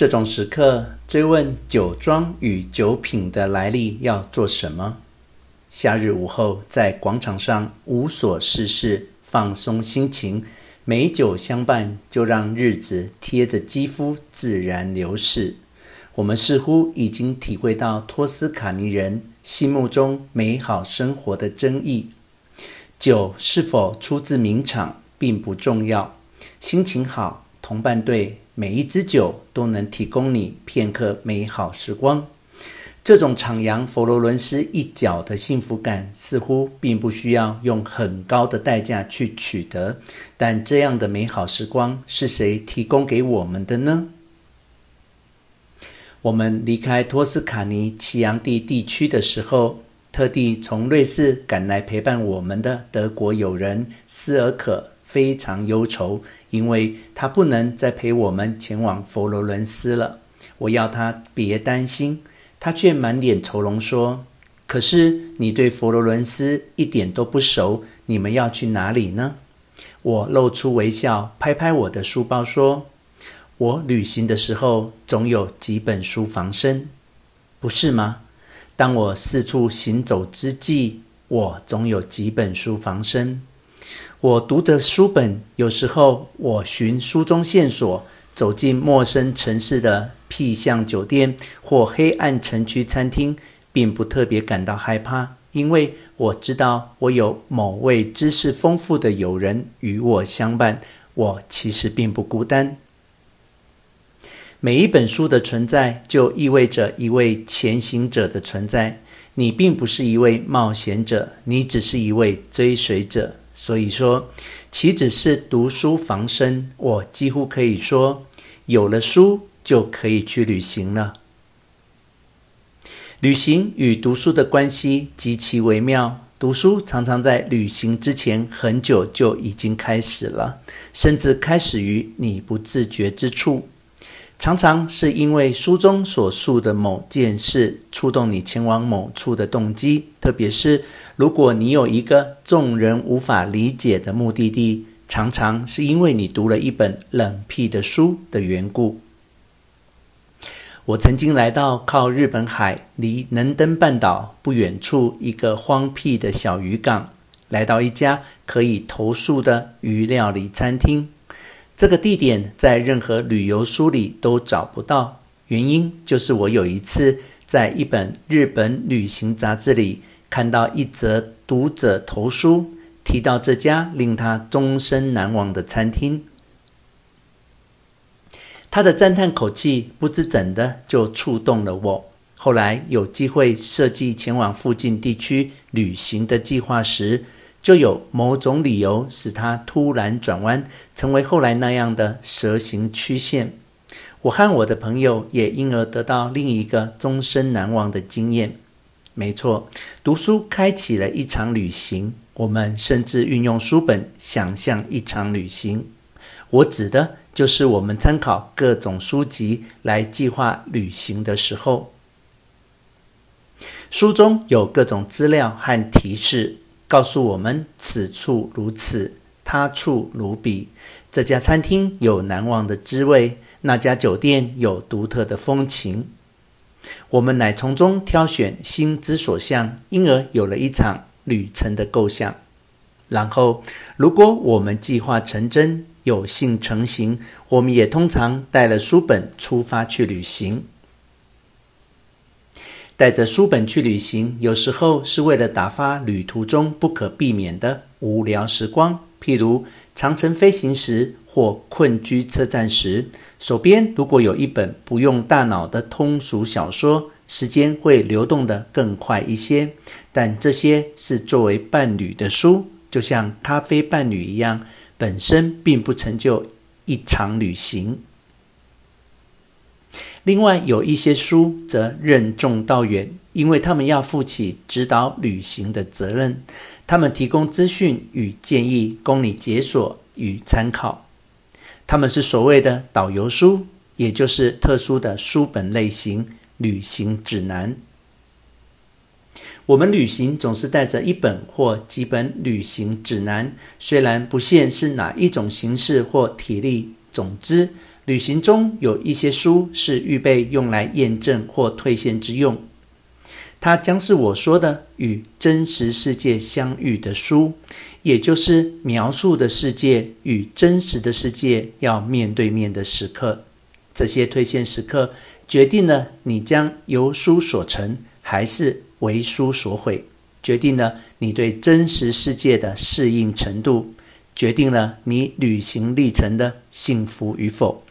這種時刻，追問酒莊與酒品的來歷，要做什麼？夏日午後，在廣場上無所事事，放鬆心情，美酒相伴，就讓日子貼着肌膚自然流逝。我們似乎已經體會到托斯卡尼人心目中美好生活的真意。酒是否出自名廠並不重要，心情好，同伴對。每一支酒都能提供你片刻美好時光。這種徜徉佛羅倫斯一角的幸福感，似乎並不需要用很高的代價去取得。但這樣的美好時光是誰提供給我們的呢？我們離開托斯卡尼奇揚地地區的時候，特地從瑞士趕來陪伴我們的德國友人斯爾可非常憂愁。因為他不能再陪我們前往佛羅倫斯了，我要他別擔心，他卻滿臉愁容說：“可是你對佛羅倫斯一點都不熟，你們要去哪裡呢？”我露出微笑，拍拍我的書包說：“我旅行的時候總有幾本書防身，不是嗎？當我四處行走之際，我總有幾本書防身。”我讀着書本，有時候我尋書中線索，走進陌生城市的僻巷酒店或黑暗城區餐廳，並不特別感到害怕，因為我知道我有某位知識豐富的友人與我相伴，我其實並不孤單。每一本書的存在，就意味着一位前行者的存在。你並不是一位冒險者，你只是一位追隨者。所以說，豈止是讀書防身？我幾乎可以說，有了書就可以去旅行了。旅行與讀書的關係極其微妙，讀書常常在旅行之前很久就已經開始了，甚至開始於你不自覺之處，常常是因為書中所述的某件事。觸動你前往某處的動機，特別是如果你有一個眾人無法理解的目的地，常常是因為你讀了一本冷僻的書的緣故。我曾經來到靠日本海、離能登半島不遠處一個荒僻的小漁港，來到一家可以投宿的魚料理餐廳。這個地點在任何旅遊書裡都找不到，原因就是我有一次。在一本日本旅行雜誌裡看到一則讀者投書，提到這家令他終身難忘的餐廳。他的讚嘆口氣不知怎的就觸動了我。後來有機會設計前往附近地區旅行的計劃時，就有某種理由使他突然轉彎，成為後來那樣的蛇形曲線。我和我的朋友也因而得到另一個終身難忘的經驗。沒錯，讀書開啟了一場旅行。我們甚至運用書本想象一場旅行。我指的就是我們參考各種書籍來計劃旅行的時候。書中有各種資料和提示，告訴我們此處如此，他處如彼。這家餐廳有難忘的滋味。那家酒店有獨特的風情，我們乃從中挑選心之所向，因而有了一場旅程的構想。然後，如果我們計劃成真，有幸成行，我們也通常帶了書本出發去旅行。帶着書本去旅行，有時候是為了打發旅途中不可避免的無聊時光。譬如，長程飛行時或困居車站時，手邊如果有一本不用大腦的通俗小說，時間會流動得更快一些。但這些是作為伴侶的書，就像咖啡伴侶一樣，本身並不成就一場旅行。另外，有一些書則任重道遠。因為他們要負起指導旅行的責任，他們提供資訊與建議，供你解鎖與參考。他們是所謂的導遊書，也就是特殊的書本類型，旅行指南。我們旅行總是帶着一本或幾本旅行指南，雖然不限是哪一種形式或體力。總之，旅行中有一些書是預備用來驗證或兌現之用。它將是我說的與真實世界相遇的書，也就是描述的世界與真實的世界要面對面的時刻。這些推薦時刻決定了你將由書所成還是為書所毀，決定了你對真實世界的適應程度，決定了你旅行歷程的幸福與否。